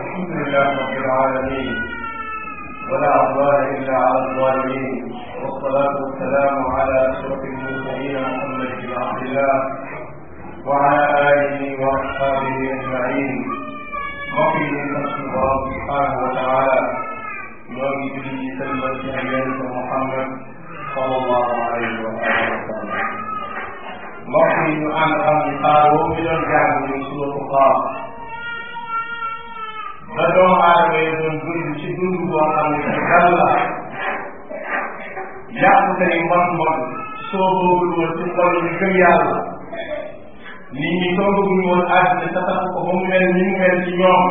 الحمد لله رب العالمين ولا عدوان الا على الظالمين والصلاه والسلام على اشرف المرسلين محمد بن عبد الله وعلى اله واصحابه اجمعين وفي الله سبحانه وتعالى وفي كل سلمة سيدنا محمد صلى الله عليه وسلم mbokk yi ñu ànd am ni xaaroo bi doon jàng ni sunu fuqaa ba doomu aadama yi doon dund ci dund boo xam ne ci dal la yàqu tey mbon mbon soo boobul woon ci xol ñu gëm yàlla nit ñi toogaguñu woon àddina sa tax ko ba mu mel ni mu mel ci ñoom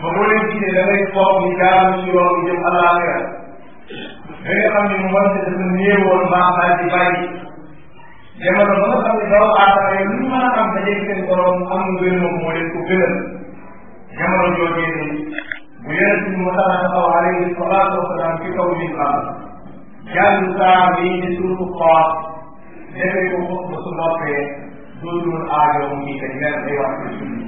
ba boo leen gisee da ngay foog ni jaaru ci yoon bi jëm àllaaxira da nga xam ne mu mën te dafa néewoon maaxaay di bàyyi jamono ba nga xam ne doomu aadama yi lu ñu mën a am dajee seen borom am ngërëm moo leen ko gënal jamono joojee ni bu yonent bi mu taxaw alayhi salaatu wasalaam ci kaw minbar jàng saa bii di suuru xoor defee ko xutba su noppee dootul aajo mu ngi dañ leen ay wax ci julli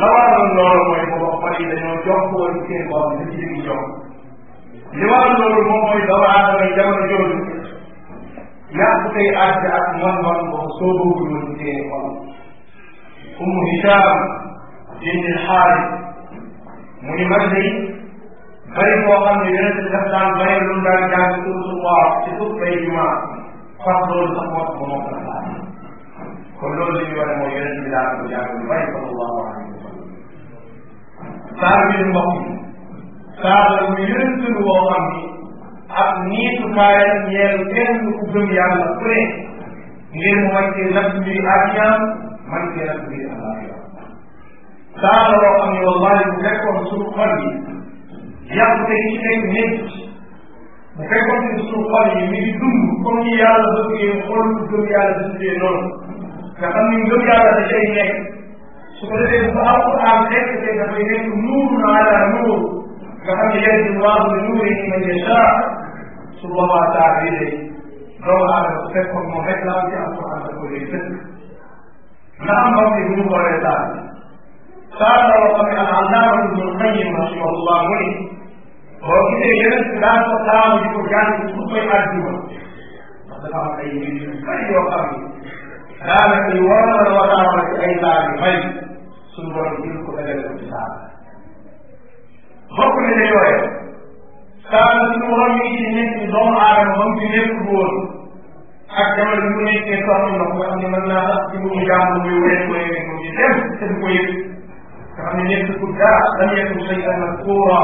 la waroon loolu mooy booba xol yi dañoo jokkoo ci seen bopp li ci dégg jox li waroon loolu moom mooy doomu aadama yi jamono jooju yàqu tey àdd ak man-man boobu soo bëggul woon ci seen xol Umu Hisaam bint al mu ni man day bari koo xam ne yonente bi daf daan bari lu mu daan jàng suuratullah ci suuf bay jumaa fas loolu sax moo tax ba moo ko laal kon loolu li ñu war a mooy yonente bi daan ko jàng lu bari sallallahu alayhi wa sallam saar bi nu mbokk yi saar la mu yonente bi boo xam ni ak niitukaay ñeel kenn ku gëm yàlla ku ne ngir mu man ci nag mbiri àddina man ci nag mbiri àllaaxira saa la loo xam ne wallahi bu fekkoon suñu xol yi yàqu te ci ay nit bu fekkoon ne suñu xol yi mi ngi dund comme ni yàlla bëggee xol bu gëm yàlla dundee noonu nga xam ni ngëm yàlla da cay nekk su ko defee bu alquran nekk te dafay nekk nuurun ala nuur nga xam ne yahdi llahu li nuurihi man yashaa su boobaa saa bii de doomu aadama bu fekkoon moom rek laa ci alquran da ko dee dëkk na am xam ne bu ñu xoolee saa bi قال وقد أنعمناه ابن القيم رحمه الله عليه وكذا يرد لا تستطيع بفرجان سوء الأرجوة مثلا أي كي وقبل كان في ورد وطارة أيضا بخير سنبر تلك إلى الإنسان حكم الرواية كان في مرمي من نظام عالم هم في نفسه ak jamono bi mu nekkee soxna na ko am ne mën naa sax ci mu jàmm muy wéy wéy mu ci dem te du ko yëg nga xam ne nekk ku dara lam yakun shay'an mazkura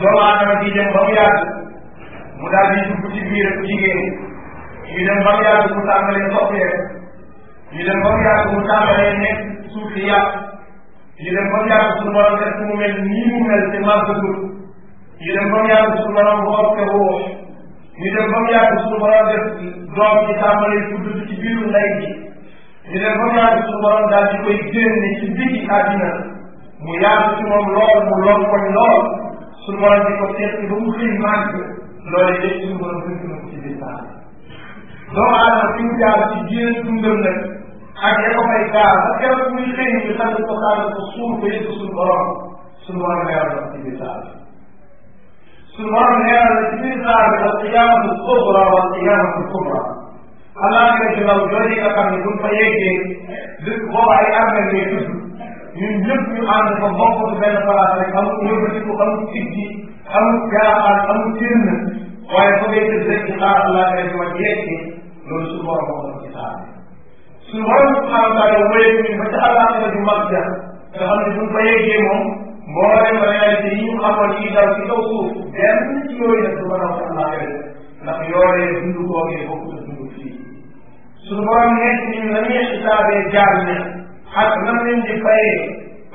doomu aadama di dem ba mu yàgg mu daal di dugg ci biir ak jigéen ñu dem mu yàgg mu tàmbalee soppee ñu dem ba mu yàgg mu tàmbalee nekk li yàq ñu dem ba mu yàgg suñu mu mel nii mu mel te màggatul ñu dem ba mu yàgg suñu borom xool te woo ñu dem ba mu yàgg suñu borom def doom ci tàmbalee tudd ci biiru ndey bi ñu ne ba yaatu suñu borom daal di koy génne ci biti àddina mu yaatu ci moom lool mu lool koñ lool suñu di ko seet ba mu xëy màgg loolu yëpp suñu borom bind ko ci biir saa doomu aadama fi mu jaar ci biir dundam nag ak ya ko fay gaar ba keroog muy xëy ñu xam ko sànni ko suuf ko yëpp suñu borom suñu borom leeral la ci biir saa suñu borom leeral la ci biir saa bi al qiyaamatu kubra wal qiyaamatu kubra xam naa ne ci law jooju nga xam ne buñ fa yeggee li booba ay armée ngay tudd ñun ñëpp ñu ànd ko bokkatu benn place rek amul yëkkatiku amul siggi amul jaaxaan amul tënn waaye fa ngay tëdd rek ci xaar Allah ngay di wax yegge loolu su borom moo ko ci xaar su borom subhanahu wa taala wéyee ñu ba ca àllaaxira ju mag ja nga xam ne buñ fa yeggee moom mboolem réalité yi ñu xamoon yi daw ci kaw suuf benn ci yooyu nag du mën a wax àllaaxira ndax yoolee dundu koogee bokkul suñu borom nekk ñun nañuy xisaabee jaar ne ak nam leen di fayee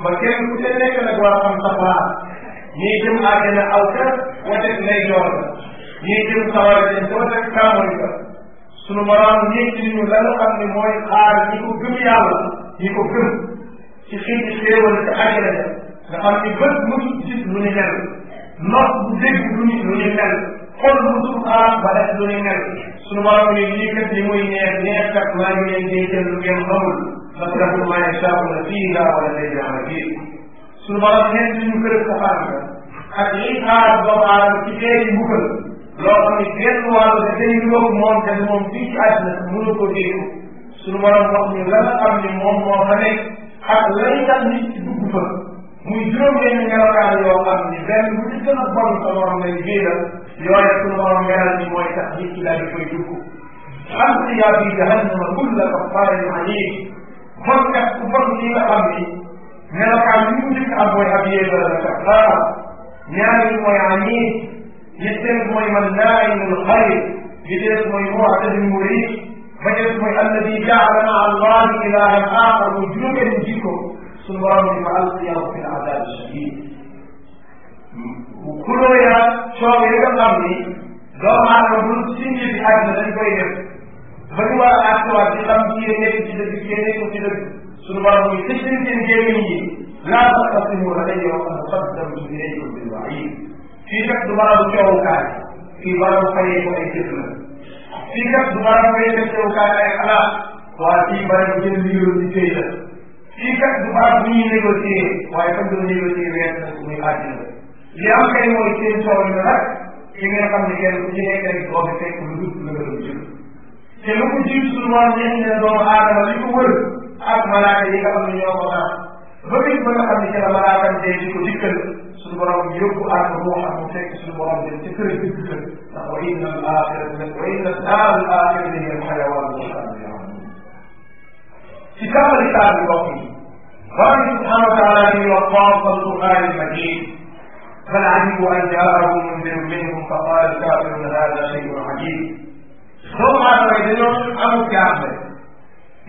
ba kenn ku ca nekk nag war a xam sa place ñii jëm àddina aw ca watet lay door la ñii jëm sawara jëm ca watet kaamoy ba suñu borom nekk ñu la nga xam ne mooy xaar ñi ko gëm yàlla ñi ko gëm ci xiiti xéewal ci àddina ja nga xam ni bët mu gis lu ni mel nox bu dégg lu ni lu ni mel xol mu dugg xaar ba def lu ni mel suñu borom ni lii kat li muy neex neex kat maa ngi leen dencal lu ngeen xamul fasrahu maa yashaa'uuna fiiha wa ladayna maziid suñu borom neen suñu kër safaan la ak liy xaar doomu aadama ci teeri mbugal loo xam ne benn wàllu dafay niroog moom te moom fii ci àddina sax mënu ko déglu suñu borom wax ñu la nga xam ne moom moo fa nekk ak lay tax nit ci dugg fa muy juróom-benn melokaan yoo xam ne benn bu ci gën a bon sa morom lay géeral yooyu sunu borom leeral ni mooy tax nit ki daal di koy dugg amsiya bi jahannama kulla kaffaarin anim kon kat ku bon li nga xam ni melokaan yi mu njëkk am mooy ab yéegal la kaffaar ñaareel mooy anim ñetteel mooy man naaimul xayr ñetteel mooy mu'tadin murid ba ñett mooy alladi jaala maa allahi ilahan axar mu juróomeen jikko sunu borom ni fa alqiyahu fi l adab shadid xuloo yaag coow yi nga xam ni doomu aadama bu sindi bi àdduna dañ koy def ba ñu war a àttuwaat di xam kii nekk ci dëgg kii nekkul ci dëgg suñu borom muy tëj seen seen gémmiñ yi laa taqtasimu ladayya wa qad qaddamtu ilaykum bil wa'id fii kat du barabu coowukaay fii barabu fayee ko ay jëf la fii kat du barabu fayee ko coowukaay ay xalaat waa fii barabu jël liggéeyu liggéey la fii kat du barabu ñuy négocier waaye comme doo négocier weer na muy àddina li am kay mooy seen tool yi nag ki nga xam ne kenn ku ci nekk rek doo fi fekk lu dul la doon jël te lu ko jiitu suñu wax ne ñu ne doomu aadama li ko wër ak malaaka yi nga xam ne ñoo ko naan ba bis ba nga xam ne ci la malaakam dee di ko dikkal suñu borom yóbbu ànd moo xam mu fekk suñu borom dem ci kër gi dikkal ndax wa inna al axirata wa inna daar al axirata hiya al xayawaan wa ci kamal kitaab bi mbokk yi borom bi subhanahu wa taala di wax al quraan al majiid بل عجبوا أن جاءهم منذر منهم فقال الكافر هذا شيء عجيب loolu maa ngi lay dañoo amul jaaxle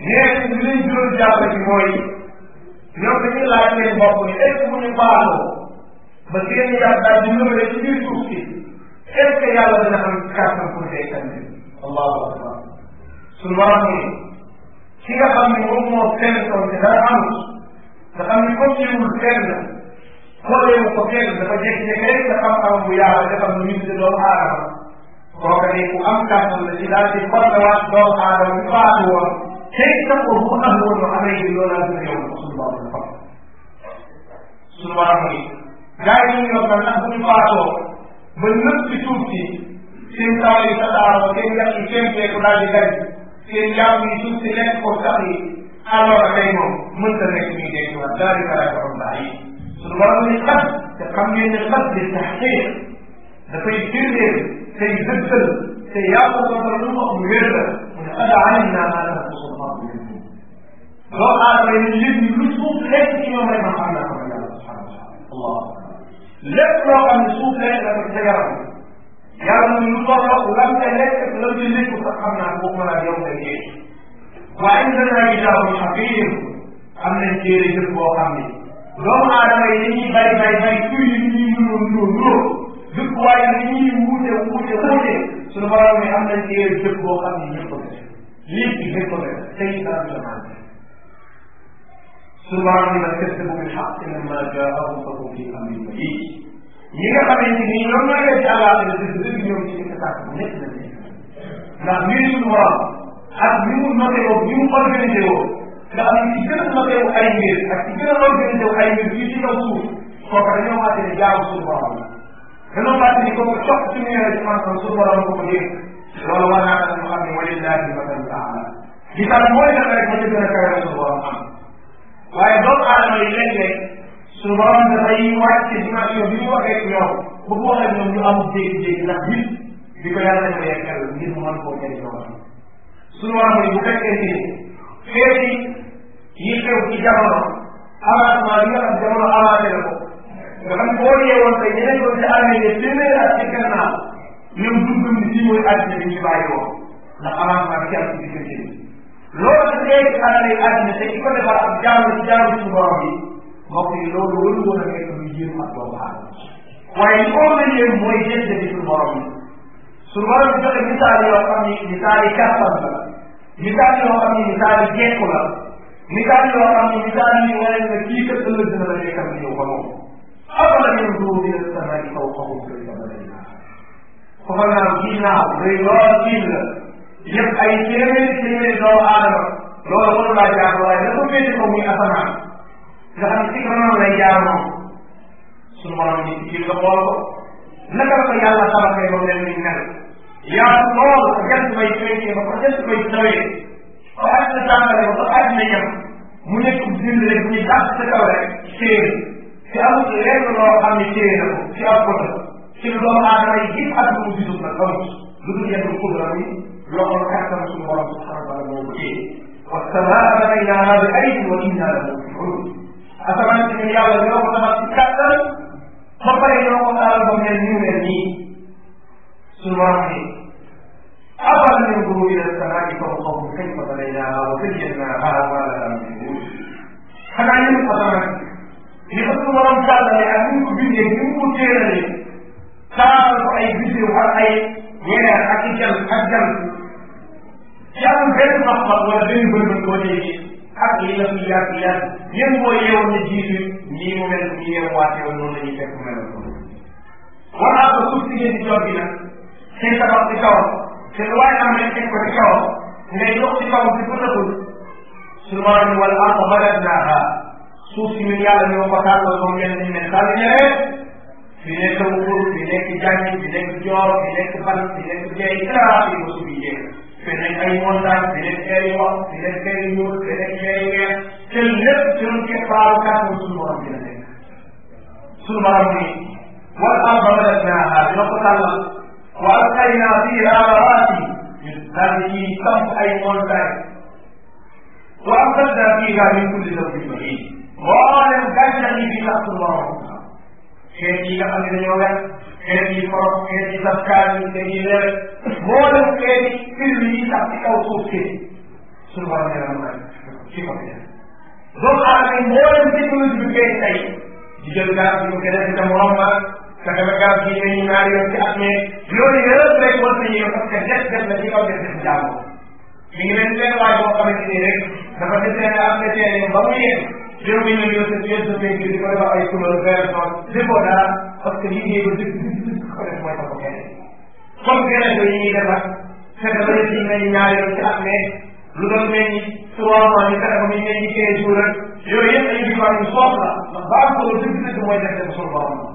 mais li ñu jural jaaxle bi mooy ñoom dañuy laaj seen bopp ni est ce que bu ñu baaloo ba seen yàlla daal di lëmale ci biir suuf si est ce que yàlla dana am kàttan pour seetaan bi allahu akbar suñu waram ni ki nga xam ne moom moo seen tool te dara amul nga xam ne comme yëwul seen la xoolee wu ko kenn dafa jékki-jékki rek sa xam-xam bu yàlla defal nu ñu doomu aadama kooka ne ku am kàttan la ci daal di xollawaat doomu aadama bi faatu woon tey sa ko bu am woon loo xam ne loolaa dina yow ko suñu borom la fam suñu borom ni gars yi ñu yor na ndax bu ñu faatoo ba nëpp ci suuf si seen taw yi sa daaro seen yàq yi seen peeku daal di gañ seen yàpp yi suuf si lekk ko sax yi alors tey moom mënta nekk ñuy dégg wa daal di lu waral ni xas te xam ngeen ne xas li taxqiq dafay firndeel tey dëggal te yàqu ko ba lu ma am wér la mu ne qad alimna ma lahu sultan minhum loo aadama yi nit ñi lu suuf lekk ci ñoom rek ma xam naa ko yàlla subhanahu wa taala allah lépp loo xam ne suuf lekk na ko ca yaram yàlla mu lu tolloo lam ca lekk ak lam ca lekk sax xam naa ko mën a yow nga géej waaye indana kitaabu xaqiir am nañ téere boo xam ne doomu aadama yi dañuy bari bari bari tur yi ñuy nuróo nuróo nuróo dëkkuwaay yi dañuy wuute wuute wuute suñu borom ne am nañ ci yéen dëkk boo xam ne ñëpp ko def lii ci ñëpp ko def tey dara du la manqué suñu borom ne la kese bu muy xaq ina ma jaahum fa hum fi amrin mahid ñi nga xamante ni ñoom ñoo leen ci àllaaxira dëgg dëgg ñoom ci état bu nekk lañ nekk ndax mbir suñu borom ak ni mu noté woo ni mu organisé woo nga xam ne ci gën a noté wu ay mbir ak ci gën a organisé wu ay mbir fii ci kaw suuf kooku dañoo fàtte ne jaamu suñu borom la dañoo fàtte ni kooku cox ci mu yore ci man suñu borom ko ko dégg loolu war naa tax ñu xam ne walillahi masalu taala misaal mooy tax rek ma ci gën a kawe suñu borom am waaye doomu aadama yi léeg-léeg suñu borom dafay wàcce dimension bi ñu waxee ñoom bu ko waxee ñoom ñu amul jéegi-jéegi ndax nit bi ko yàlla dafa yekkal ngir mu mën koo jëriñoo suñu borom yi bu fekkee ni feeti yi xew ci jamono avancement bi nga xam jamono avancé na ko nga xam boo yeewoon tey ñeneen doon ci armée ne téeméer at ci gannaaw ñoom duggam ni si mooy àddina bi ñu bàyyi woon ndax avancement bi ci am ci diggante bi loolu nag léegi armée àddina te ki ko defar ak jaamu ci jaamu ci borom bi mbokk yi loolu waru woon a nekk lu jéem ak doomu aadama waaye li ko mën leen mooy jënd bi suñu borom bi suñu borom bi joxe misaal yoo xam ni misaal yi kàttan la misaal yoo xam ne misaal yu jekku la misaal yoo xam ne misaal yu wane ne kii kat ëllëg dina la nekkal di ñëw ba moom afalam yanzuru ila samaa'i fawqahum kayfa banaynaha xoolal kii naaw day lool kii la yëpp ay téeméeri téeméeri doomu aadama loolu mënu laa jaar waaye la ko féete ko muy asamaan nga xam ne ci kanam lay jaar moom suñu borom ni ci la xool ko naka la ko yaatu lool jant bay fekkee ba ko jant bay tawee ba àddina tàmbale ba ba àddina ñam mu nekk bind rek ñu dàq sa kaw rek séer te amul lenn loo xam ne téye na ko ci ab côté ci lu doomu aadama yi yëpp ak lu mu gisul nag amul lu dul yàggul kubra bi loxol kàttan suñu borom subhanahu wa taala moo ko téye wasamaa banaynaha bi aydin wa inna la mufiun asamaan si ne yàlla ñoo ko tabax ci kàttan ba pare ñoo ko taal ba mel ni mel nii suñu borom ينظر إلى السماء فوقهم كيف بنيناها وزيناها ما لها من فروج xanaa yéen xanaa li ko suñu borom tàllalee ak ni mu ko bindee ni mu ko téeralee taaral ko ay biddew ak ay weer ak i jant ak jant yàlla benn ndox wala benn bërbët boo déggee ak li la fi yaatu yaatu yéen boo yeewoon ne jiitu nii mu mel nii yeewu waatee woon noonu la ñuy fekk melal ko wala ba suuf si ngeen di jot bi nag seen tabax ci kawam te lu waay am rek teg ko ci kawam ngay dox ci kawam bi bëtagul suñu borom wal arda madadnaha suuf si ñun yàlla ñoo ko tàllal moom mel ni mel sànni ñëwee fi nekk wuur fi nekk jàngi fi nekk joor fi nekk ban fi nekk jeey dara fi ko suñu jeex fi nekk ay montagne fi nekk ay wax fi nekk ay ñuul fi nekk ay weer te lépp suñu keppaaru kàttan suñu borom bi la nekk suñu borom bi wal arda madadnaha dina ko tàllal wa alqayna fiha rawasi dañuy samp ay montagne wa anzalna fiha min kulli zawjin bahim mboolem gàncax yi fi sax suñu borom xeet yi nga xam ne dañoo wet xeet yi forom xeet yi safkaan yi dañuy leer mboolem xeet yi firme yi sax ci kaw suuf si suñu borom yàlla mën ci ko fi doomu aadama yi mboolem technologie bi koy tey di jël gaz bi mu gën a ci dem romb fexe ba garab gi ñëwee ñu ñaari yoon ci at mais loolu yëpp rek war nañu yëpp parce que def-def la ci kaw def-def jaamu mi ngi leen seen waay boo xamante ni rek dafa desee ne am na seen ba mu yegg juróom yi ñu yóbbu yéen sa béy di ko defal ay couleur vert noonu defoo dara parce que liggéey ba dëgg dëgg dëgg ko def mooy ko keneen comme keneen yi ñuy defar fexe ba def yi nañu ñaari yoon ci at mais lu doon meññ trois mois ñu fexe ba muy meññ quinze jours rek yooyu yëpp dañu di ko am soxla ndax baax ko dëgg dëgg mooy def def suñu borom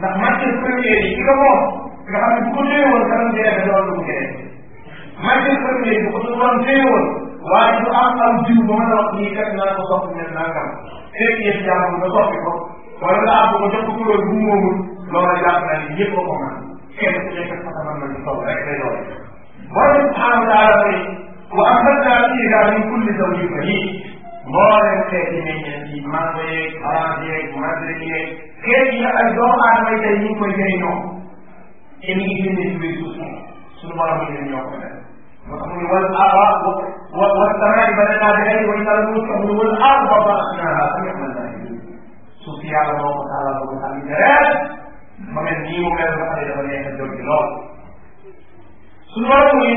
ndax matière première yi ki nga moom nga xam ne bu ko téye woon kanam dee da doon lu mu keneen matière première yi bu ko doon téye woon waaye du am am jiw ba mën a wax nii kat naa ko soppi mel nangam fekk yëf jàmm nga soppi ko wala nga àbb ko jox ko kuréel bu mu moomul loola jàpp naa ni ñëpp a ko mën kenn ku nekk ak fasamam na ñu sopp rek day doon borom subhanahu wa taala ne wa ambatnaa fiiha min kulli zawjin bahij mbooleem xeeti meññeent yi mango yeeg orange yeeg mandarine yeeg xeet yi ak doomu aadama yi tey ñu ngi koy jëriñoo te ñu ngi génne ci biir suuf si suñu borom yi ñoo ko def moo tax mu ne wal awa wa wa samaa'i banayna bi ghayri wa inna la muslimun wal arda farashnaha fa ni'mal mahidu suuf si yàlla moo ko tàllal ba mu tàlli deret ma mel nii mu mel nga xam ne dafa neex a jóg lool suñu borom mu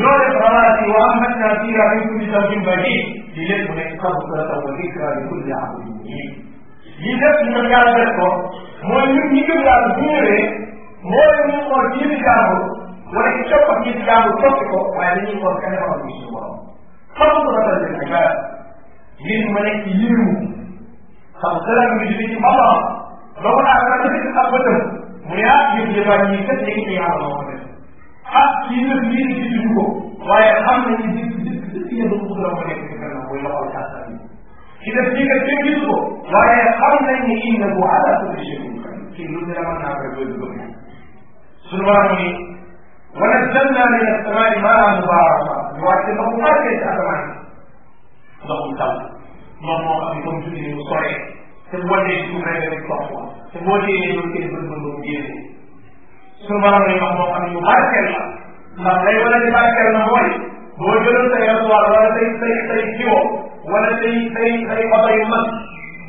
ñoo def rawaati wa ambatna fiha min kulli zawjin bahid li lépp nekk xam sa taw wa dhikra li kulli abdin munib lii lépp ñu mën yàlla def ko mooy ñun ñi gëm yàlla bu ñëwee moo leen ñu xool ci yëfi jàmbur wala ci coppam yëfi jàmbur soppi ko waaye dañuy xool kenn xam ni suñu borom xam ko la tal def ak ngir ma nekk yiiru xam xelal mi di ci maam ba mu naa dana def ak bëtam mu yaa yëf yi wàññi yi kat léegi ci yàlla moo ko def ah ci yëf lii ci ko waaye xam nañu di di di yëf ko la ko nekk ci kanam mooy loxol càttal ci def ci nga kenn gisu ko waaye xam nañ ne innahu ala kulli shay'in qadir kii lu ne la mën naa koy bëgg bëgg sunu waram ni wa nazzalna min as-samaa'i maa'an mubaaraka ñu wàcce ndox mu barkee ci asamaan ndox mu taw ndox moo xam ne comme tudd ni mu soree te boo dee ci suuf rek rek tox ko te boo dee ne loolu kenn bëgg bëgg génne sunu waram ni ndox moo xam ne mu barkeel la ndax lay wala di barkeel na mooy boo jëloon sa yoon wala say say say jiwoo wala say say say oto yu mag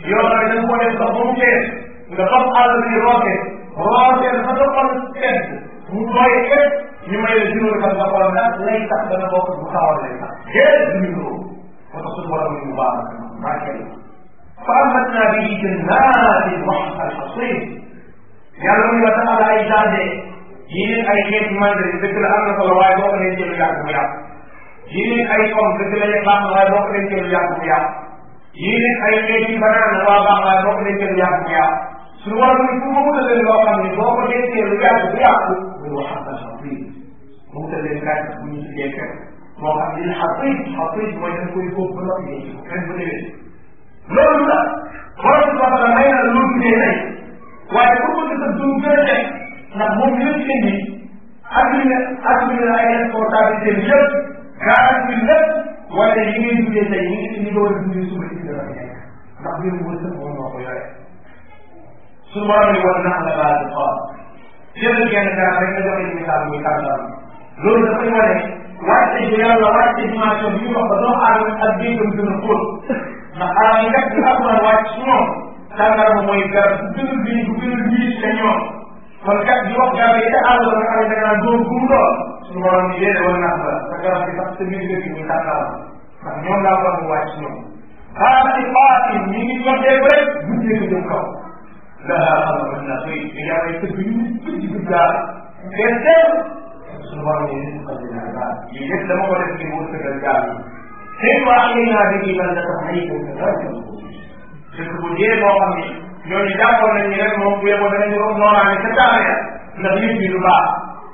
yoo xam ne da nga koo def ba mu fees nga fab àll bi roote roote dafa doon xol fees mu tooy képp ñu may la juróomi fan nga xool ndax lay tax dana bokk bu xaw lay tax déet duñu loolu moo tax suñu borom ñu baax maa kay fa amatna bi jannaatin wax alxasim yàlla mu wa taala ay jardin yi ay xeeti mandarin dëgg la am na solo waaye boo ko nee jël yàgg mu yàgg yéen ay pomme dëgg la ñu baax waaye bokk nañ seen yàqu bu yàqu yéen ay léegi banaan waa baax waaye bokk nañ seen yàqu bu yàqu su war ni fu ma wutalee loo xam ne boo ko dencee lu yàqu bu yàqu muy wax xasan xafiid ma wutalee kaay bu ñu tuddee kër moo xam ne xafiid xafiid mooy dañ koy foofu ba noppi ren bu déwén loolu la borom subhanahu wa may na lu tuddee tey waaye pour ko gis a dund gën a teg ndax moom yëpp indi ak li nga ak li nga ay responsabilité bi yëpp quarante mille lépp wala li ngay dundee tey ñu ngi li nga war a dundee suba ci dara nekk ndax mbirum wërsëg moom moo ko yore su borom yi war naa la baal di xool jëlal genn garab rek nga joxe ñu misaal muy kàddaam loolu dafay wane wàcce bi yàlla wàcce dimension bi ñu wax ba doomu aadama ak déggam gën a xóot ndax aadama yi kat ñu amoon wàcc su ñoom tàngaram mooy garab bu gën a bii bu gën a bii la ñoom kon kat di wax garab yi te aadama nga xam ne da nga naan doon bu mu doon suñu waroon ni yéene wala nax la sa garab gi sax sa mbir dëkk muy tàngaal ndax ñoom laa war mu wàcc ñoom xaala ci faati ñi ngi joxee ba rek buñjee ko jëm kaw laa xam mën naa koy te yàlla tëgg ñu nit ci ci guddaal ngeen teew suñu waroon yéene si xam dinaa daal yii yëpp dama ko def ngir wërsëgal gaal yi seen waa xëy naa di kii man la tax ay ko ka dara dëkk bu dee boo xam ni ñooñu jàppoon nañ ni rek moom bu yeboo danañ ko noonaani sa taariya ndax yëpp bi lu baax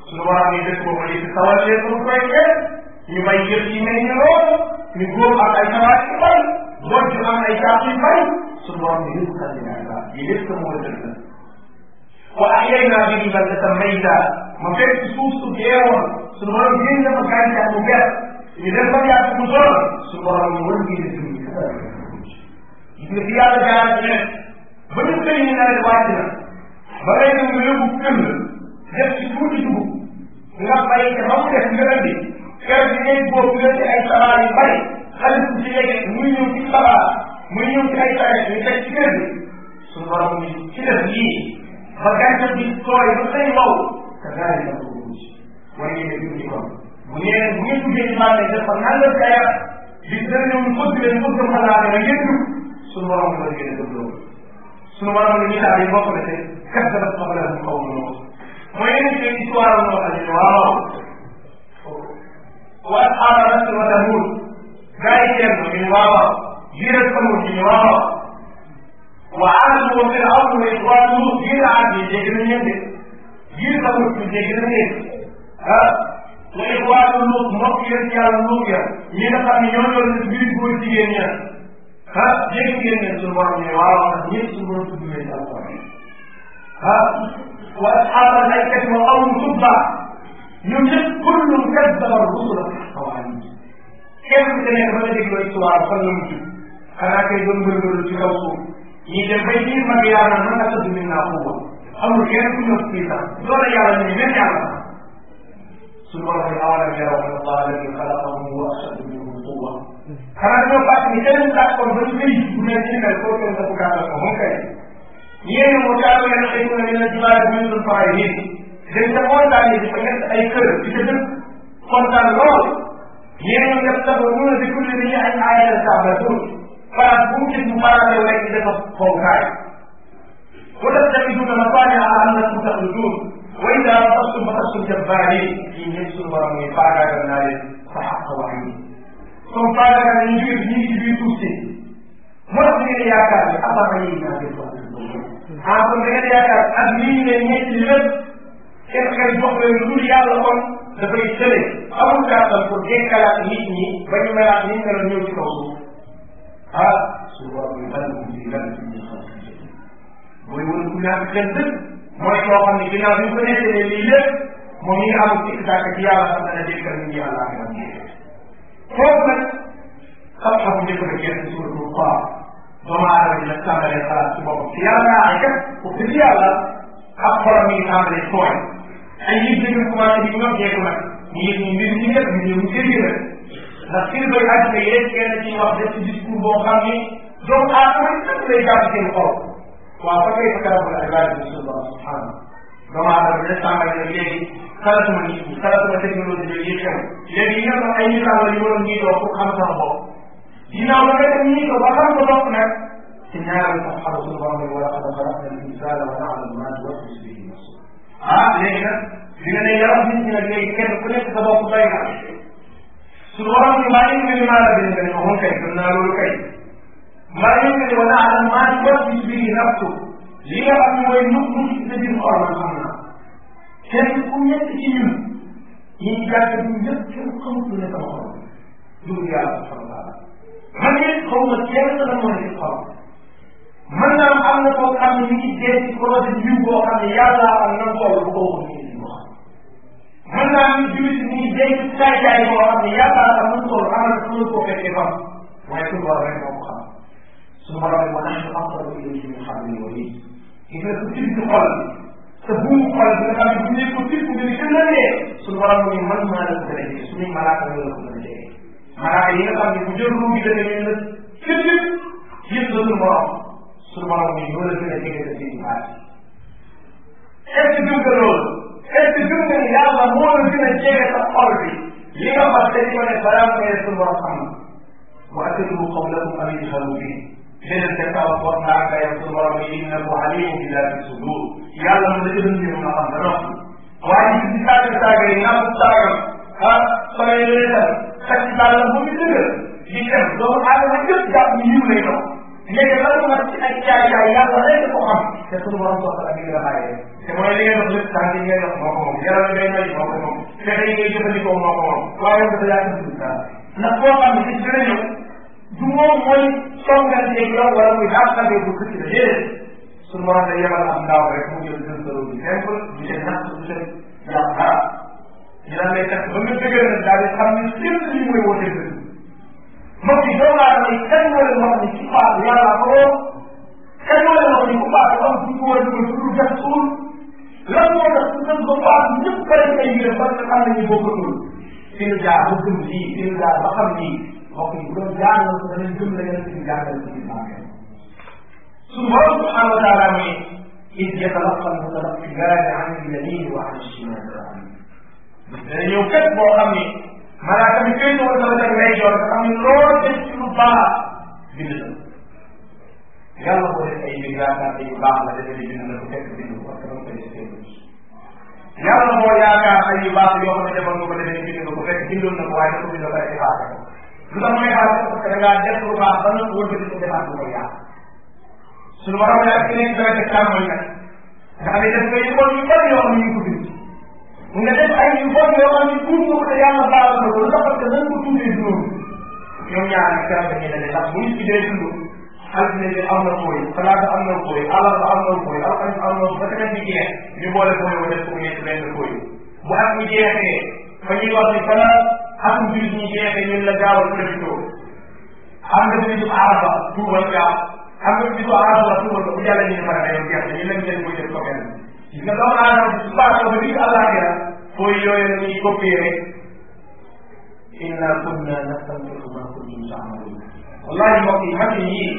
suñu borom yi dëkk boobu yi sawal leen pour koy leen ñu bay yëpp yi mel ni lool ñu góob am ay sawaat yu bay bojj am ay saako yu bay suñu borom yi yëpp sànni naa la yi lépp sa moo dëkk wa ahyayna bihi baldatan mayta ma fekk suuf su deewoon suñu borom yéen dafa gàncax bu gert ñu dem ba yàgg bu sol suñu borom wër ngi ne suñu gis nga fi yàlla jaar ne ba ñu xëy ñu nawet wàcc na ba ngay dem yóbbu kënd def ci tuuti dugub nga bay te ba mu def nga andi keroog di ngay góob nga ci ay sabar yu bari xale bu ci léegi muy ñëw ci sabar muy ñëw ci ay saret ñu teg ci kër gi su borom bi ci def lii ba gàncax bi tooy ba xëy wow te gaari la ko wuj mooy ñu ne dund ci kon bu ñeen bu ngeen duggee ci marché dafa nangam daya di dënnewu bëgg leen bëgg xalaat nga yëndu su borom ba gën a dëgg loolu su borom li ñu daal yi bokk na te kat dara soxla ñu xaw ma mooy seen histoire moo xam ne waaw waaw xaaral na si wala muul gars yi kenn ñu ne waaw lii rek xamul ñu ne waaw waa ànd boobu dina aw ñu ne waa muul lii la ànd yi dégg na ñeent lii xamul ñu dégg na ñeent ah mu ne waa muul mbokk yéen yàlla muul ya ñi nga xam ne ñoo doon biir góor jigéen ña ah dégg ngeen ne suñu borom ne waaw ñëpp suñu borom tudd leen ah wa ashaab al-aykati wa qawmu Tubba ñoom ñëpp kullun kazzaba rusula aw anni kenn ku ci nekk ba nga dégloo histoire fan la mujj xanaa kay doon góorgóorlu ci kaw suuf ñi dem bay diir mag yaa naan man ashaddu minnaa quwwa amul kenn ku ñu kii sax doole yàlla ñu mel yàlla sax suñu borom yi awalam yaraw anna Allaha allazii xalaqahum huwa ashaddu minhum quwwa xanaa dañoo fàttali kenn mu tàkkoon ba ñu bëri bu mel ni mel koo kenn sa bu gàttal ko moom kay yéen a motaatu yàlla xëy na dina jibaale bu ñu doon faral di dañ ca kontaanee di fa ñett ay kër di ca dëkk kontaan lool yéen a def sax ba mun a di kulli dañuy ay aayal saabla tuur farat bu mu gis mu faratee rek di dafa fonkaay wala tamit du dama faa ne ah am na mu tax lu tuur way daal fasum fasum jabbaari yi ñëpp suñu borom muy faagaagal naa leen sa xaq wax yi comme faagaagal nañu jógee ñu ngi ci biir tuuti moo tax ñu ne yaakaar ne abaama yi naa leen wax ah kon da ngeen yaakaar ak lii ñu ne ñetti lépp seen xel jox leen lu dul yàlla kon dafay tële amul kàttan pour dekkalaat nit ñi ba ñu melaat ni ñu meloon ñëw ci kaw suuf ah su boobaa muy ban bu ñu lan ci ñu xam mooy wala ku ñàkk xel dëgg mooy loo xam ne ginnaaw bi ñu ko nettalee lii lépp moom ñu ngi amul sikk sàkk ci yàlla xam dana dekkal nit ñi àllaaxira foofu nag xam-xamu njëkk na kenn suuratul Qaaf doomu aadama bi nag tàmbalee xalaat ci boppam te yàlla naa ay kat wax dëgg yàlla ak xolam mi ngi tàmbalee tooy ay yëg dëgg commencé di ñoom jeeku nag ñu yëg ñu mbir ñi ñëpp ñu ñëw ñu dégg nag ndax seen bay àddina yéen kenn ci wax def ci discours boo xam ni doomu aadama yi ñëpp lay jàpp seen xol waaw fa kay fa la ibaadu bi suñu borom subhanahu doomu aadama bi nag tàmbalee nag léegi xalatuma nit ñi xalatuma technologie bi yi xew léegi yi nga xam ay misaal la yu waroon ñuy doon pour xam sama bopp ginnaaw ba nga def nii ko ba xam ko topp nag ci ñaareel ko xam suñu borom bi wala xam xalaq al insana wa na'lamu ma tuwaswisu bihi nafsu ah léegi nag li nga ne yaram nit ñi nag léegi kenn ku nekk sa bopp doy na suñu borom bi maa ngi ni maa la bind nga ne waxoon kay gëm naa loolu kay maa ngi ni wa na'lamu ma tuwaswisu bihi nafsu li nga xam ne mooy nug nug ci sa biir xol man xam naa kenn ku nekk ci ñun ñi jàng ñëpp kenn xamul ne sama xol dugg yàlla subhanahu wa taala man it xaw ma kenn la mooy li xaw mën naa am na koo xam ne mi ngi dee ci projet jiw boo xam ne yàlla am na tool bu ko woon ci li wax mën naa am jullit mi ngi dee ci caay-caay boo xam ne yàlla am na tool amal fu la ko fekkee fam waaye suñu borom rek moo ko xam suñu borom rek moo tax ñu am ko ci ñu xam ne yow yi gis nga su tibb xol te bu mu xol bi nga xam ne bu ñu ko tibb nga ni gën a dee suñu borom ni man maa la ko gën a jege suñuy malaaka ñoo la ko gën a jege malaaka yi nga xam ne bu jël ruugi da leen la fépp yëpp la suñu borom suñu borom bi ñoo la gën a jege da seen baat yi est ce que gëm nga loolu est ce que gëm nga ni yàlla moo la gën a jege sa xol bi li nga wax te di ko ne balaa nga koy suñu borom am na wa asirru qawlakum aw ijharu bihi leneen te taw foog naa nga yow suñu borom bi innahu alimun bi daati sudur yàlla mu la gën a jëm na xam da noppi waaye ci saaga saaga yi naa ko saagal ah soo yore la sax ci bàllam moom it dëgër di dem doomu aadama yëpp jàpp ni yiw lay doon léegi lan moo ci ay caay caay yàlla rek ko xam te suñu borom ko ak li nga bàyyee te mooy li nga def lépp tànk yi ngay def moo ko moom yaram ngay may moo ko moom fexe yi ngay jëfandikoo moo ko moom waaye dafa yaa ci suñu saa ndax koo xam ne ci dina ñëw du moom mooy songanteeg yow wala muy naatnatee bu këcc la déedéet suñu borom day yebal am ndaaw rek mu jël jël solo bu simple du ca natt du ca yàq dara ñu daan lay tax ba nga dëgër na daal di xam ne lépp li mooy wote dëgg mbokk yi doomu aadama yi kan moo leen wax ni ci faatu yàlla ko kan moo leen wax ni ku faatu am bu ko war a dugal lu def suul lan moo tax su dem ba faatu ñëpp bëri ay yéen parce que xam nañu bokkatul fi ñu jaar ba gëm lii fi ñu jaar ba xam lii mbokk yi bu doon jàngal ko danañ gëm la yeneen suñu jàngal ci biir bànqee suñu borom subhanahu wa taala ne إذ يتلقى المتلقيان عن اليمين وعن الشمال dana ñëw fekk boo xam ni malaaka mi fay ko dana teg lay yoon nga xam ni loolu def ci lu baax bind na yàlla ko def ay mbir yaakaar ne yu baax la dafa di bind na ko fekk bind ko parce que dama koy def seen yàlla moo yaakaar ay yu baax yoo xam ne defoon nga ko defee bind nga ko fekk bindoon na ko waaye dafa bind ba rek xaar ko lu tax mooy xaar ko parce que da ngaa def lu baax ba nga wër ko defaat lu ko yaa suñu borom yaa keneen dara ca càmmoñ nag nga xam ne def nga yu bon yu bari yoo xam ne ñu ko bind nga def ay yu bon yoo xam ne tuub nga ko te yàlla baal na ko lu tax parce que nan ko tuubee noonu ñoom ñaar nag keroog dañuy daje ndax bu nit ki dee dund altine bi am na koy talaata am na koy alal ba am na koy alxames am na ba tamit di jeex ñu boole koy wa def ko ñetti benn koy bu at mi jeexee fa ñuy wax ni fala xam mbir ñu jeexee ñun la gaaw a profité xam nga bisu araba tuubal gaaw xam nga bisu araba tuubal ko bu yàlla ñu ne ma ne yow jeex na ñu leen leen koy def ko benn gis nga doomu aadama su baaxoo ba biir àllaaxira fooy yooyu la ñuy copier rek inna kunna nastanbiru ma kuntum taamaluun wallahi mbokk yi machine yii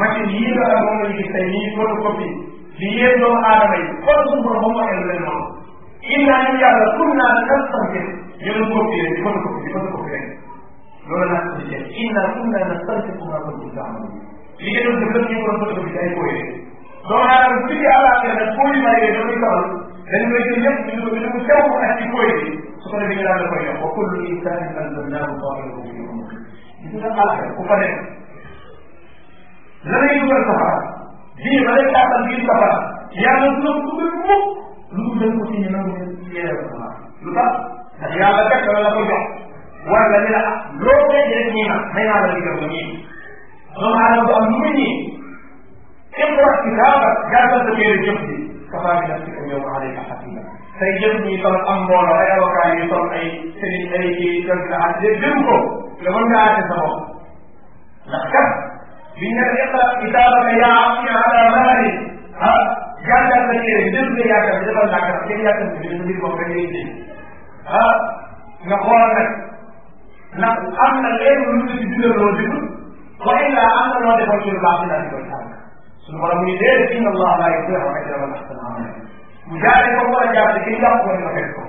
machine yii nga xam moom la ñu gis tey ñuy photocopie di yéen doomu aadama yi xool suñu borom moom waxee lu leen moom inna ñu yàlla kunna nastanbir ñu doon copier di photocopie di photocopie rek loolu laa ko gisee inna kunna nastanbiru ma kuntum taamaluun li nga doon def lépp ñu ko doon photocopie day booyee doomu aadama bu liggéey àllaaxira nag foo ñu bàyyee dafay soxal dañ koy jël yëpp ñu ko ñu ko teew ak ci koy bi su ko defee ñu daal la koy jox wa kullu insaanin alzamnaahu taairahu fi unuqi gis nga àllaaxira ku fa nekk la lay dugal safara bii ba lay taatal biir safara yàlla du la ko dugal mukk lu ko jël ko ci ñu nangu yeew safara lu tax ndax yàlla fekk la la ko jox wala ni la loo koy jël ñii na may naa la liggéey ba ñii doomu aadama bu am lu muy ñii képp wax ci daal jàppal sa téere jëf ji kafaa bi nafsika yow alayka xasiba say jëf ñuy toll am mbooloo ay avocat yu toll ay sëriñ ay kii toll na àtte jëm ko nga mën ngaa àtte sa bopp ndax kat biñ ne iqra kitaabaka yaa abdi ala maali ah jàngal sa téere bi jëf nga yaakaar bi defal naa kat kenn yaakaar bi dafa mbir moom rek lay dégg ah nga xool nag ndax am na leen lu ñu di dundaloo déglu wa illaa am na loo defal ci lu baax dinaa di koy sànq suñu borom ni leen inna allah laa yudiiu ajra man ahsana amala mu jaaree ko mu war a jaar ci kii jàpp ko ni ma fekk ko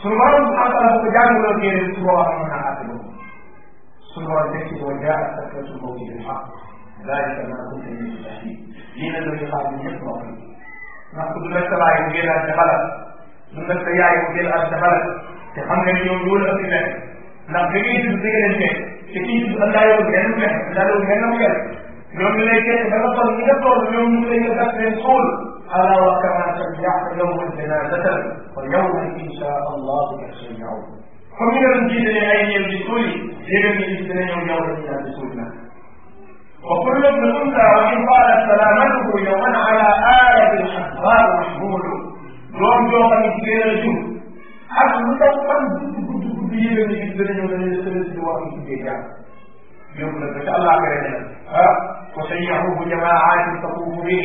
suñu borom subhanahu wa taala bu ko jànguloo téere su boobaa mën naa àtte boobu suñu borom teg ci wa jaa sakratul mawti bil haqq dalika ma kunta minhu taxiid lii na doon xaar ñun ñëpp mbokk yi ndax ku dundal sa baay mu génn àddina balal dundal sa yaay mu génn àddina balal te xam nga ni ñoom loolu ëpp nekk ndax bi ngay dund dëgg leen nekk te kii dund am daa yow benn nekk daa yow benn mu yàlla ñoom ñu lay gerte da nga toll ñi nga toll ñoom ñu lay nga leen suul ala wa kama tabiata yowma janazatan wa yowma insha allahu yasriñaw comme ñu doon jiite ne ay ñëw di suuli léegi ñu gis dina ñëw yow dañu daal di suul nag wa kullu ibn unsa wa in qaala salaamatuhu yowman ala aayati xadbaar mahmudu doom joo xam ne jigéen a jur ak lu tax fan gudd gudd yéen a gis dina ñëw dañu la sëriñ di wax ci jéeg yàlla yóbbu la ko ci allah kare ne eh? جماعات تطوف به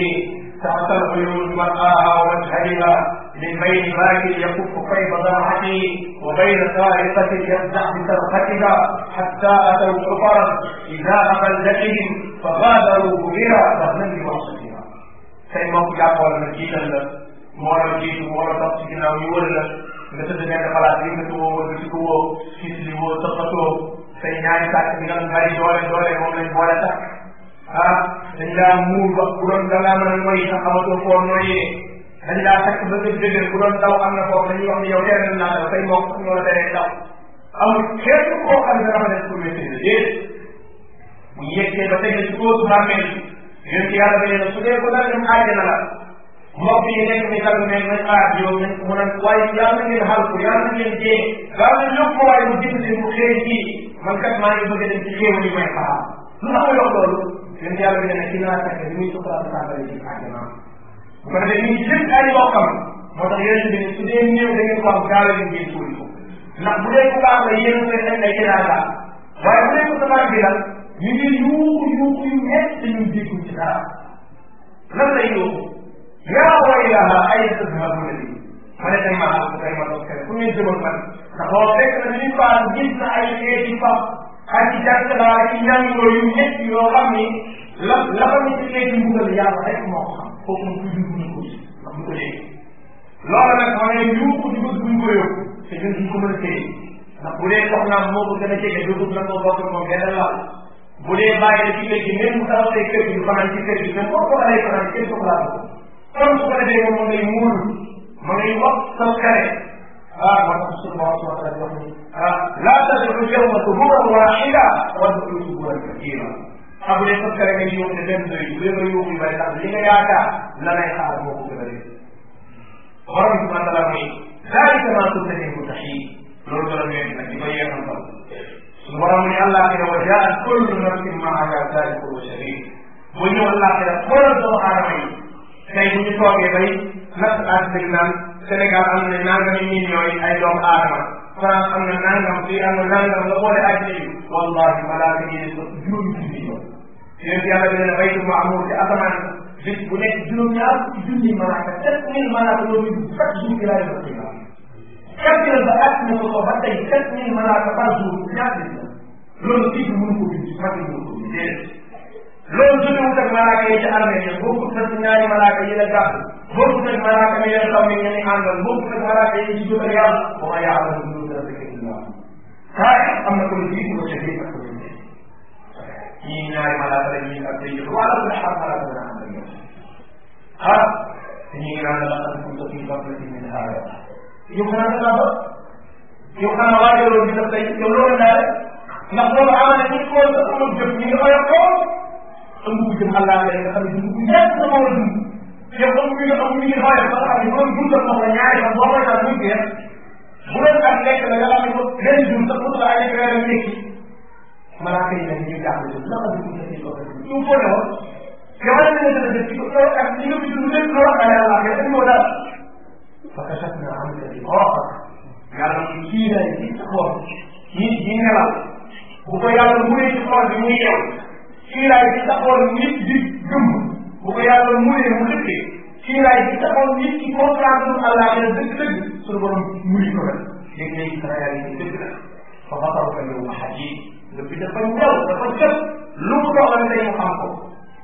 تعترف يونس مرآها ومشهدها من بين راكب يكف كيف ضرعته وبين سارقة يفزع بسرقتها حتى أتوا حفرا إذا بلدتهم فغادروا بها ظهرا بوصفها سيما في أقوال مجيدا مورا مجيد مورا تقصدنا ويولا nga tëdd benn xalaat yi nga tuwoo wala ci tuwoo gis li woo tëqatoo say ñaari sàkk bi nga xam nga doole doole moom lañ boole sax ah dañ laa muur ba bu doon da ngaa mën a noyyi sax xamatoo foo noyyee dañ laa takk ba nga dëgër bu doon daw am na foofu dañuy wax ni yow teeral naa daw say mbokk ñoo la teree daw amul képp koo xam ne dafa nekk pour maîtriser déet bu ñu yeggee ba tey ci góosu bàmmeel yéen ci yàlla bay na su dee ko daan dem àjjana la mbokk yi nekk ni dal mel nañ aar yow nañ mu naan waaye yàlla na ngeen xalku yàlla na ngeen dee gaaw na ñëpp waaye mu dimbali mu xëy ci man kat maa ngi bëgg a dem ci xéewal yi may xaar lu tax ma wax loolu même yàlla bi ne nag ci naa fekk li muy sukkandiku tàmbali ci àjjana bu ko defee ñu lépp ay bokkam moo tax yonente bi ne su dee néew da ngeen ko am gaaw leen ngeen suuli ko ndax bu dee ku baax la yéen koy def ay gënaa laa waaye bu dee ko safaan bi nag ñu ngi yuuxu yuuxu yu nekk te ñu dégguñ ci dara lan lay yuuxu yaa waylaha ay tadhabuna bi ma ne tey ma ko tey ma toog ku ngeen jëmal man ndax boo fekk na ñu faal gis na ay xeeti fab ak ci jàppalaale ci njàngoo yu ñëpp yoo xam ni la la ko nit ki ci mbugal yàlla rek moo ko xam foofu moom toujours duñ ko gis ndax du ko dégg loolu nag xam ne ñu ko dugg duñ ko yóbbu te ñun duñ ko mën a téye ndax bu dee soxnaam moo ko gën a jege dugub na ko bokk moom benn laal bu dee bàyyi la ci kër gi même mu taxawee kër gi fanaan ci kër gi même boo ko alee fanaan kenn soxlaa ko kon su ko defee moom ma ngay muur ma ngay wax sa kare ah ma tax suñu borom subhanahu wa taala wax ni laa tad'u al-yawma thuburan waahida wad'u thuburan kathiira xam ne parce que rek yow te dem doy bu leen yow yu bari ndax li nga yaakaar la lay xaar moo ko gën a def borom bi subhanahu wa taala mooy zalika ma kunta minhu tahid loolu borom yooyu nag di ko yeexantal suñu borom ne àllaaxira wa jaa'at kullu nafsin ma'ahaa saa'qun wa shahiid bu ñëw àllaaxira xoolal doomu aadama yi tey bu ñu toogee bay natt àll bi naan Sénégal am na ay doomu aadama France am nangam fii am nangam nga boole ay wallahi balaa nga ñëwee ba juróomi million yéen yàlla dina ne baytu ma amul ci asamaan bis bu nekk juróom-ñaar junni malaaka sept mille malaaka loolu chaque jour bi laay doon kàttan ba at na ko ba tey sept mille malaaka par jour ñaata la loolu fii mënu ko bind sax mënu ko bind déedéet loolu jotewut ak malaaka yi ci armée boo ko ñaari malaaka yi bokk nag malaaka yi nga xam ne ñooy àndal bokk nag malaaka yi ci jógal yàlla wa ma yàlla lu dul dara rek illa kaay am na ko lu jiitu ko jëfee ak ko jëfee ñii ñaari malaaka la ñii ak day jëf wala la xam malaaka dana ànd ak yow ah te ñu ngi naan la xam ne ko fi bokk na ci min haaya ah, yow xanaa dana ba yow xanaa waaye loolu dina tey yow loolu naa ndax boobu amana ñi ko amul jëf ñu ngi oyof ko ëmb bu jëm àllaa nga xam ne dund bu ñett la ma war a dund yow comme ñu ngi am ñu ngi xoolee ba nga xam ne bu doon dundal moom la ñaari fan boo koy naan muy jeex bu doon ak lekk la nga xam ne ko benn jour sax mënut laa lekk weer ak nekki malaaka yi nag ñu jàpp ne naka la ñu def ko ñu ko ne woon yow la ñu def def ci ko yow ak ñi nga fi dund lépp loolu ak yàlla ak yàlla ñoo dal fa kasat na am ka di xooxa yàlla ñu kii na ci xool ñi ñi nelaw bu ko yàlla mu ne ci xool bi muy yow kii naa ci sa xool nit di gëmm bu ko yàlla muree mu dëkkee kiiraay bi taxoon nit ki contrat mu àllaa ya dëgg-dëgg suñu borom muri ko nag léegi léegi dana yàlla yi dëgg la fa basaruka yawma hadiid nga bi dafa ñaw dafa jot lu mu doxal tey mu xam ko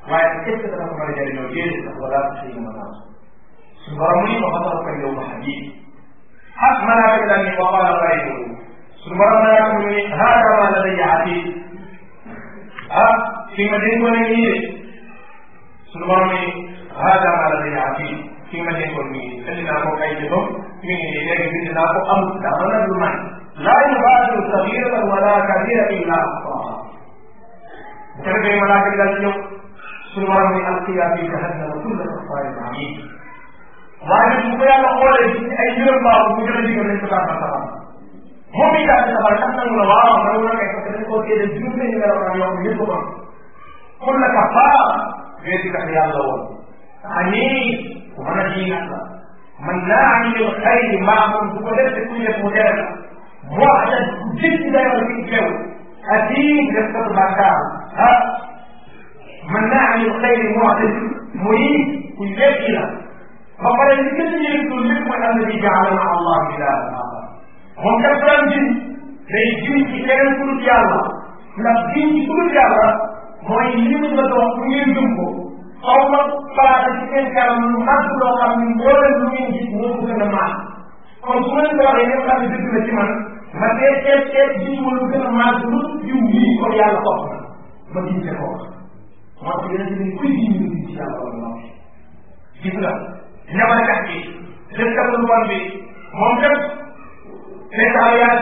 waaye est-ce que dana ko mën a jëriñoo déedéet ndax wala si nga mën a suñu borom ni fa basaruka yawma hadiid xas ah, malaaka daan ni wa qala qaa'iluhu suñu borom malaaka mu ni haada ma ladayya hadiid ah fi ma dénkoon ak yii suñu borom ni hada ma ladayya atin fi ma nekkoon mi ngi indi naa ko ay jëfam mi ngi nii léegi bind naa ko am dara la lu man laa yubaadiru sagiiratan wala kabira illa ahsaha bu ko defee malaaka bi daal di ñëw suñu borom ni alqiyaa waaye bu ko yàlla xoolee ci ay yërëm baax bu gën a digal nañ ko tànn sabam moom it daal di sabal tax nangu la waaw nangu la kay parce que dañ koo téye juróom-benn numéro yoo xam ne yëpp ko kulla kaffaar weddi tax yàlla woon ani ku mën a jiinaat la man naa am lil xayri maamoom du ko def te kuy def mu tere la moo xajal ku jéggi dayoo la ci teew atiin def ko bàkkaar ah man naa am lil xayri moo xajal muy kuy weddi la ba pare li gën a yëngu lépp mooy alladi jaala maa allah ilaaha moom daf daan jin day jin ci keneen ku dul yàlla ndax jin ci ku dul yàlla mooy li mu la doon bu ngeen gëm ko xaw ma paase ci seen kanam lu xas loo xam ni mbooleem lu ngeen gis moo ko gën a maal kon su ma leen ko waxee ngeen xam ne dëgg la ci man ma dee seet seet gis ma lu gën a maal lu jiw lii kon yàlla topp na ma gis ko wax moo tax yeneen yi kuy gis ñu gis yàlla wala ma gis nga ñamalkat bi lëkkatal wan bi moom tam état yaat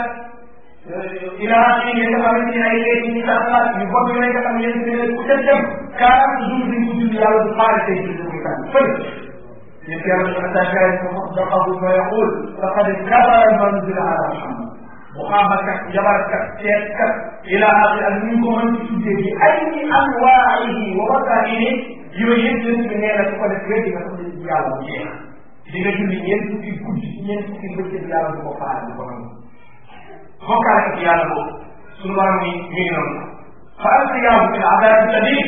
dinaa yéen a amati ay léegi ñu taxawaat ñu bokk leen nga xam yéen dina ku ca dem quarante jours dañ ko dund yàlla du faale tey jii muy tànn fële. ñu teel a jox tàngaay ko wax dëgg abu ma yaqul laqad kafara man unzila ala Muhammad bu xaamakat jabarkat seetkat ila axir ak ñu ko mën ci tuddee bi ay ni anwaayihi wa wasaini yooyu yëpp yéen bi nee na su ko def léegi nga xam ne yàlla jeex di nga julli ñeent fukki guddi ñeent fukki bëccëg yàlla du ko faale du ko nangu bokkaale ko ci yàlla boobu suñu borom ni mi ngi noonu fa alsiyaahu bil adabi shadid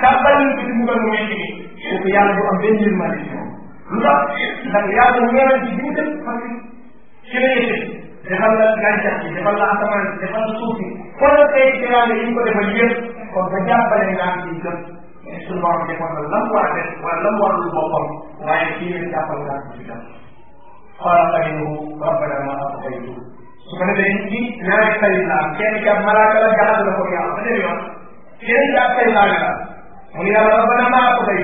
kàbbal ko ci mbugal mu metti ni kooku yàlla du am benn yërmande ci moom lu tax ndax yàlla ñeewal ci jiwu dem parce que ci la yëkkati defal la gàncax bi defal la asamaan bi defal la suuf bi kon tey ci yàlla yi ko defal yëpp kon nga jàppale naan ci gëm suñu borom defoon na lam war a def wala lam warul boppam waaye kii la jàppal naan ci gëm xoolal xëy na rabbana ma abqaytu su ko defee nit ki ñaari xarit la am kenn ki ab malaaka la jaxas la ko yàlla ba dem yoon kenn ki ab saytaane la mu ngi yàlla ba na maa ko bay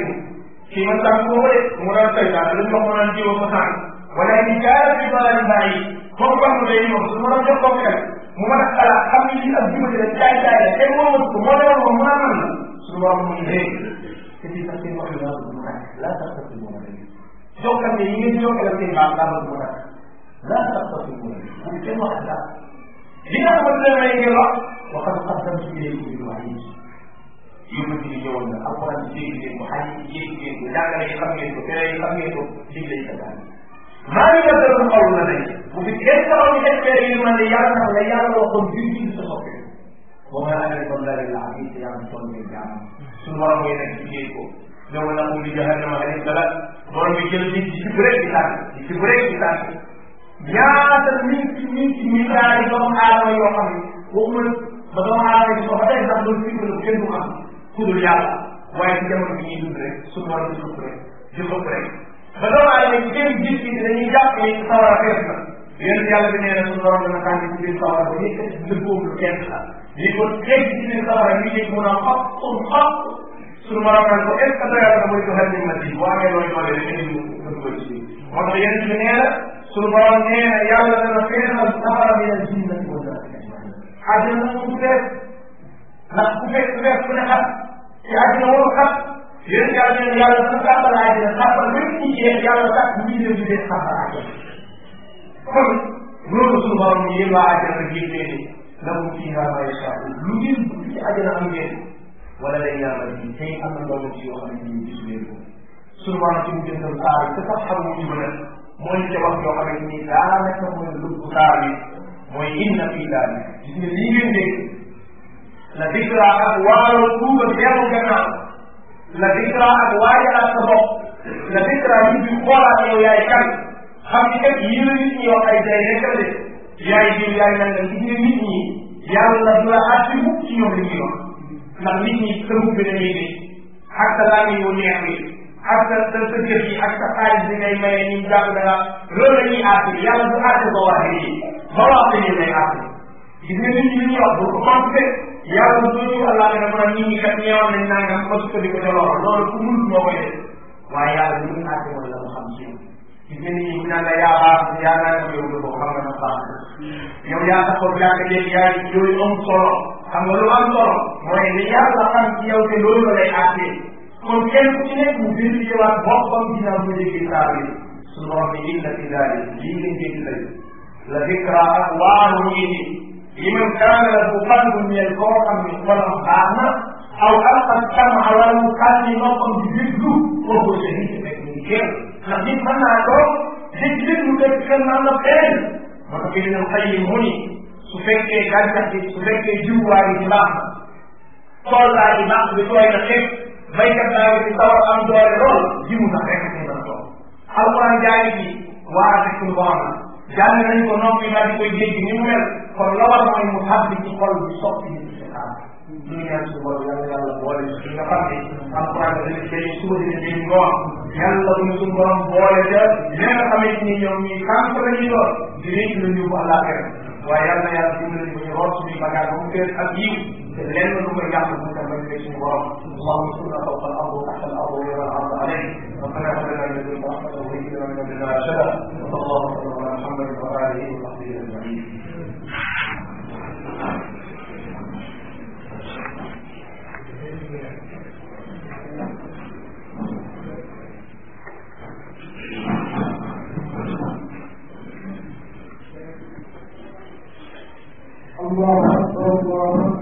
kii man tam ko de mu doon saytaane lu ñu wax mu doon jiw ko sànq wala ni jaara bi bala ñu bàyyi kooku wax mu day moom su ma doon jox kooku xel mu mën a xalaat xam ni lii ab jubati la jaay jaay la te moo ko moo doon moom mën a mën la su ma mu ngi dee te di sax seen wax la du mu la sax sax du mu jokkante yi ngeen jokkale seen baax la du mu laa taqtasimu moom kenn wax dara li nga xamante ne may ngeen wax wax dëgg xasee suñu yëngu bi wax yi yóbbu ci ñëwoon na alxuraan bi dégg ngeen ko xaalis bi dégg ngeen ko jàngale yi xam ngeen ko tere yi xam ngeen ko lii lañ ko daal maa ngi def dara xaw na nañ bu fi kenn taxaw ñu espérer yi man ne yàlla tax na yàlla waxoon biir biir sa soppe wa ma alaykum la ilaha illa yàlla toll ngeen jaamam suñu war mooy nag liggéey ko ne wala mu li jahannama alayhi salat borom bi jël nit di ci bëre di tànn di ci bëre di tànn ñaata nit ci nit ci milliards yi doomu aadama yoo xam ne waxuma ba doomu aadama yi soo ko tey sax loolu firnde la kenn du am ku dul yàlla waaye ci jamono bi ñuy dund rek su ma di xëpp rek di xëpp rek ba doomu aadama yi seen gis yi dañuy jàpp ne sawara fees na yéen yàlla bi nee na suñu borom dana tànn ci biir sawara ba ñuy dëkk lu kenn la li ko teg ci biir sawara ñu yëg mun a xop xop xop suñu borom naan ko est ce que doyal na mooy joxe nañ ma si boo amee loolu ñoo leen dañuy dugg dugg ci moo tax yéen bi nee na suñu borom nee na yàlla dana feeñal safara bi ak jinnati wal naas àddina mu fees ndax ku fees ku fees ku ne xat te àddina warul xat yéen yàlla nee na yàlla dana sàppal àddina sàppal même ñi jeex yàlla sax ñi leen di def sàppal àddina kon loolu suñu borom ni yéen waa àddina ngeen leen lahum fiha ma yashaa'uun lu ngeen bëgg ci àddina am ngeen wala lay yàlla di tey am na doom ci yoo xam ne ñu gisu leen ko suñu borom ci mu jëndal aar te sax xamu ci mën a mooy ca wax yoo xamante ni daanaka mooy lubbu saa bi mooy inna fii daalik gis nga lii ngeen dégg la dikra ak waaloon tuuba dellu gannaaw la dikra ak waajalaat sa bopp la dikra yi di xoolaat yow yaay kan xam ni kat yii la nit ñi yow ay day nekkal de yaay jiw yaay nangam gis nga nit ñi yàlla du la àtti mukk ci ñoom li ñuy wax ndax nit ñi sa mbubb bi dañuy dee xatta laa ngi yow neex ak sa sa sa jëf yi ak sa xaalis bi ngay maye ni ñu jàpp da nga loolu la ñuy àtte yàlla du àtte ba wax nii ba wax nii lay àtte gis nga nit ñi li ñuy wax bu ko commencé yàlla du ñu allah dana mën a ñi ñi kat ñeewal nañ nangam ba sukkandiku ca loolu loolu ku mun moo koy def waaye yàlla du ñu àtte wala mu xam ci gis nga nit ñi bu naan la yaa baax yaa naan ko yow boo xam nga na baax yow yaa taxaw jàkk jeeg yaa yooyu am solo xam nga lu am solo mooy li yàlla xam ci yow te loolu la lay àtte kon kenn ku ci nekk mu vérifié waat boppam ginnaaw nga déggee saa bi suñu borom ne inna fi dalik lii ngeen dégg lay la dikra ak waaru mu ngi nii liman kaana lahu qalbun min koo xam ne xolam baax na aw alqa sama wala mu kàlli noppam di déglu moo ko sëriñ ci nekk ñu kenn ndax nit mën naa toog nit déglu kër kan naan la fenn moo tax ibn alqayim mu ni su fekkee gàncax gi su fekkee jiwwaay yi baax na tool laa yi baax bi tooy na fekk baykat daa ngi tawar am doole lool jiwu sax rek mu mën a toog alquran jaay ji waa ak suñu borom la jàng nañ ko noppi daal di koy dégg ni mu mel kon lool mooy mu xàbbi ci xol bi soppi ñu ci xaar ñu ngi ñaan suñu borom yàlla yàlla boole ci nga xam ne alquran dañu day suba dina day ngoon yàlla bu ñu suñu borom boole ca li nga xamante ni ñoom ñuy kàmp la ñuy doon di récc la ñu bu àllaaxira waaye yàlla yàlla dimbali ñu root suñuy bagaar ba mu féet ak yiw lenn lu koy yàq mu dem rek suñu borom allahumma sunna fawqa al ardi taxta al ardi wa al ardi alayhi ربنا هب لنا من لدنك رحمة وهيئ لنا من امرنا رشدا وصلى الله وسلم على محمد وآله وصحبه أجمعين الله أكبر الله أكبر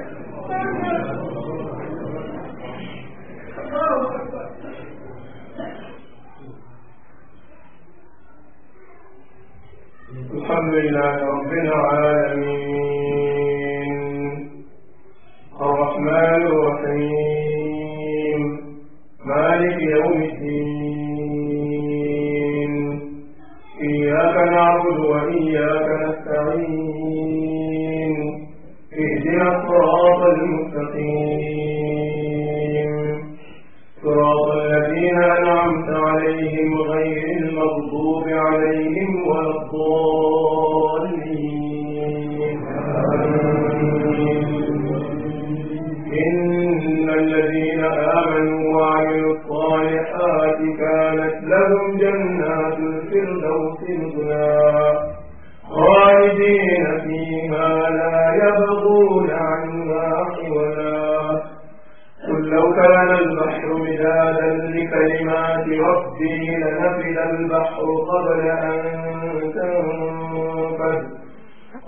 البحر مدادا لكلمات ربي لنفد البحر قبل أن تنفذ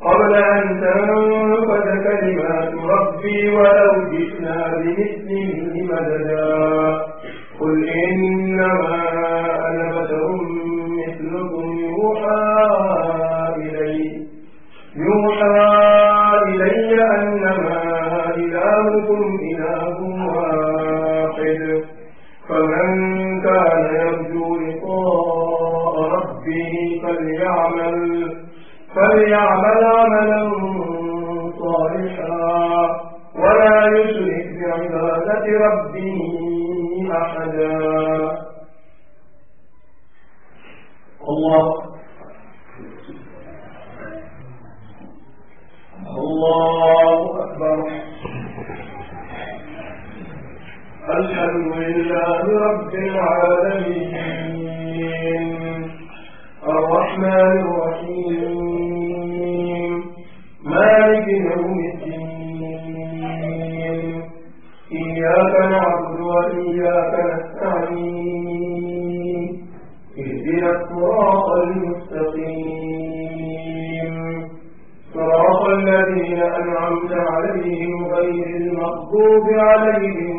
قبل أن تنفذ كلمات ربي ولا اهدنا الصراط المستقيم صراط الذين أنعمت عليهم غير المغضوب عليهم